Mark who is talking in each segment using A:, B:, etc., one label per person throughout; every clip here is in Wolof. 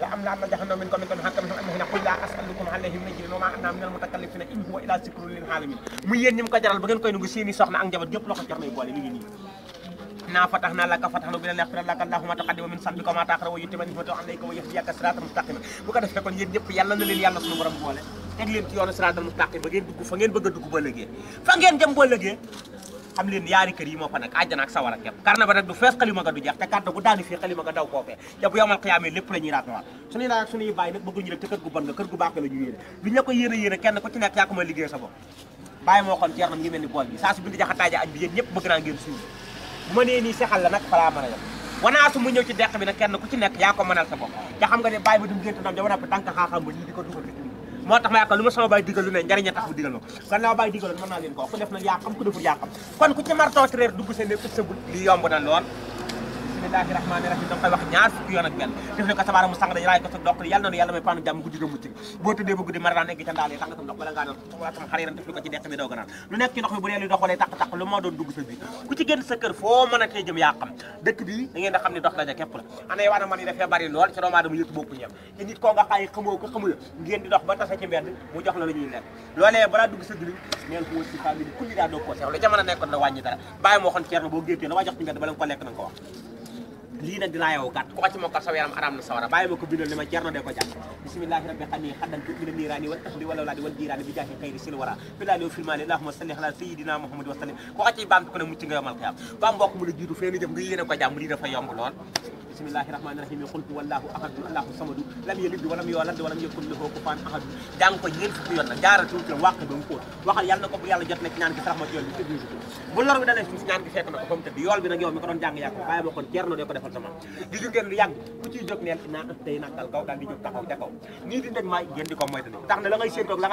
A: لأملأن جهنم منكم من حقا منهم أجمعين قل لا أسألكم عليه من أجر وما أنا من المتكلفين إن هو إلا ذكر للعالمين mu yéen ñi mu ko jaral ba ngeen koy nangu seeni soxna ak njaboot yëpp loxo jar nay ngi nii إنا فتحنا لك فتحا مبينا ليغفر لك الله ما تقدم من ذنبك وما تأخر ويتم نعمته عليك ويهديك صراطا مستقيما bu ko defee kon yéen ñëpp yàlla na leen yàlla suñu borom boole teg leen ci yoonu siraatal mustaqim ba ngeen dugg fa ngeen bëgg a dugg fa ngeen ba léegi xam leen yaari kër yi moo fa nekk àjjana ak sawara képp karna ba rek du fees xalima ga du jeex te karna bu daanu fii xalima ga daw foofee te bu yomal xiyaamee lépp la ñuy raatawal suñuy daay ak suñuy bàyyi nag bëgguñu rek te kër gu bon nga kër gu baax la ñu yéene duñ la ko yéene yéene kenn ku ci nekk yaa ko ma liggéey sa bopp bàyyi moo xoon ceernam ngi mel ni bool bi saa su bindi jaxataaja añ bi yéen ñëpp bëgg naa ngeen suuf bu ma nee nii sexal la nag falaa mën a yem wanaa su mu ñëw ci deq bi nag kenn ku ci nekk yaa ko mënal sa bopp te xam nga ne bàyyi ba dum déntu nam ja wana bi tànk xaaxam ba ñii di ko dugal moo tax ma yaakaar lu ma sama baay digal ne njariñ a tax bu digal ma ko gannaaw baay digaloon mën naa leen ko ku def nag yaa xam ku deful yaa xam kon ku ci mar toog ci ne ut sa but li na lool bismillahi rahmani sa doq yàlla noonu yàlla may paanu jàmm guddi ga mucc ba guddi mën a daan egg ca lu nekk ci ndox bi bu dee luy dox wala taq-taq lu moo doon dugg sa biir ku ci génn sa kër foo mën a tee jëm yaa xam dëkk bi da ngeen da xam ne dox la ana ci mbedd mu jox la la ñuy lekk loolee balaa dugg sa biir neel ko wër si famille na wàññi dara bàyyi moo xoon ceerno boo géetee la waa jox ci mbedd bala nga ko lekk na nga wax lii nag dinaa yow gàtt ku ko ci mokkal na sawara bàyyi ma ko bindal li ma jarno de ko bismillahi rabbi xanii xaddan tu mina niiraani wal ahli wal awlaadi wal jiiraani bi jaahi xayri sil wara filaali wa filmaali allahumma salli ala sayyidina muhammad wa sallim ku ko ci baam ko ne mucc nga yomal xiyaam ba mbokk mu la jiitu fee ni jëm nga yéene ko jàmm lii dafa yomb lool bismillahi rahmani rahim qul huwallahu ahadun allahu samadu lam yalid walam yolad walam yakun lahu kufuwan ahad jàng ko ñeent fukki yoon nag jaara tuuti wàq ba jot na ci ñaan gi sax ma ci yoon bu lor bi dalee ci ñaan gi fekk na ko fa mu tëdd yool bi nag yow mi ko doon jàng yaa ko bàyyi ma kon ceerno de ko defal sama di jugeen lu yàgg ku ciy jóg neel naa tey nàkkal kaw daal di jóg taxaw te kaw nii di ndeg maay ngeen di ko moytu tax na ngay séentoog la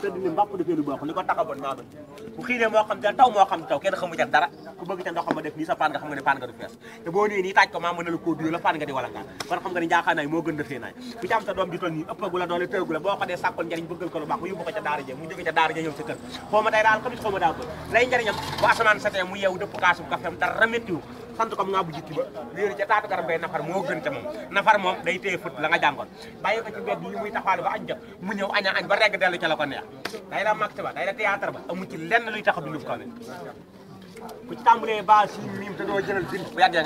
A: tëdd ni mbàpp defee lu baax ko tax a bon maa gën bu xiinee moo xam dal taw moo xam taw kenn xamu ca ne nii taaj ko maa mën na la koo duyo la paan nga di wala ngaan kon xam nga ne njaaxaa naay moo gën defee naay ku ci am sa doom di toll nii ëppagu la doole tëgu la boo ko dee sàkkol njariñ bëggal ko lu baax mu yóbbu ko ca daara ja mu jóge ca daara ja ñëw sa kër xaw ma day daal xamit xaw ma daa ko lay njariñam bu asamaan setee mu yeewu dëpp kaasu kafeem dara méttiwu sant comme naa bu jikki ba léeru ca taatu garab ngay nafar moo gën ca moom nafar moom day téye fët la nga jàngoon bàyyi ko ci mbedd yi muy ba añ mu ñëw aña añ ba regg dellu ca la ko neex day la màgg ba day la théâtre ba amu ci lenn luy tax a dundub kaw ku ci tàmbalee ba si mi te doo jëlal din bu yàggee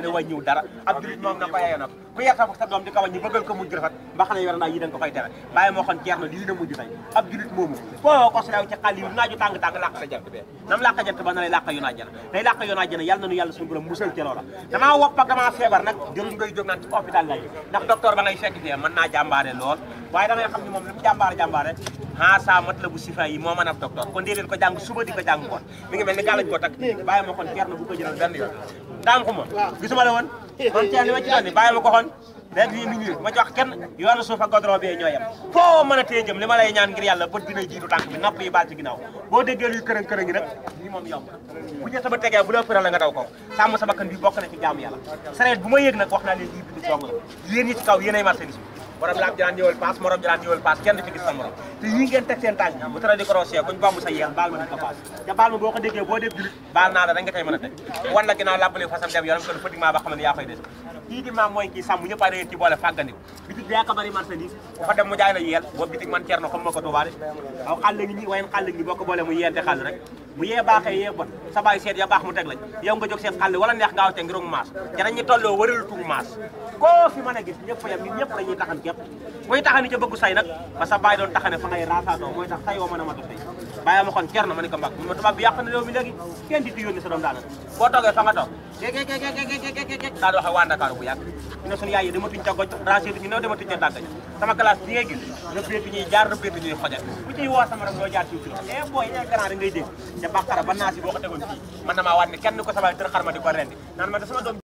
A: na wàññiwul dara ab julit na ko yeyoo na ko ku yar sa doom ko wàññi bëggal ko mujj rafet mbaxal yor ko koy tere bàyyi moo xam jeex na lii na mujj moomu foo ko sulaw ci xal yi naaju tàng-tàng làq sa jant bee ba na lay làq yoon àjjana day làq yoon àjjana yàlla nanu yàlla suñu borom naa jàmbaare lool waaye da ngay xam ne moom li mu jàmbaar jàmbaar rek ah saa mat la bu sifa yi moo mën a docteur kon dee ko jàng suba di ko jàng kon mi ngi mel ni gàllañ ko tak bàyyi ma kon ceer bu ko jëral benn yoon dànku ma gisuma la woon kon ceer li ma ci doon ni ma ko yoonu suuf ak godron bee ñooyam foo mën a li ma lay ñaan ngir yàlla bët dina jiitu tànk bi nopp yi baal ci ginnaaw boo déggee luy kërën kërën yi rek bu ñëw ma yëg nag morom laaj daan ñëwal paas morom daan ñëwal paas kenn du ci gis sa morom te yii ngeen bu tara di crochet buñ bamb sa yeex baal ma di ko paas te baal ma boo ko déggee boo def julit baal naa la da nga tey wan la ginnaaw labbale fasam dem yoonam kon pratiquement ba xam ne yaa koy des kii di maam mooy kii sàmm ñëpp a ci boole fàggandi bitig yaa ko bari marchandise bu fa dem mu la yeel boobu bitig man ceerno xam ma ko bu yee baaxee yee bon sa baay seet ya baax mu teg lañ yow nga jóg seen xàll wala neex nga awte ngirum maas te dañuy tolloo waralu tug maas koo fi mën a gis ñëpp yam ñun ñëpp la ñuy taxan képp kuy taxani ca bëggu say ba sa baay doon taxane fa ngay raasaatoo mooy tax say woo mën a matu say bàyyi ma xoon cer na ma ne ko mbag ma tubaab bi yàq na réew mi léegi kenn di ti yónni sa doom daanaka boo toogee fa nga toog gégggggggg daa di waxe waa Ndakaaru bu yàgg ñu ne suñu yaay yi dematuñ ca goj rangé bi sama classe bi ngay gis rëbbeetu ñuy jaar rëbbeetu ñuy xojal bu woo sama rak doo jaar ciw kilo eh e booy e grand da ngay dégg te bàqara ba naa si boo ko tegoon fii man na maa di ko naan ma da sama doom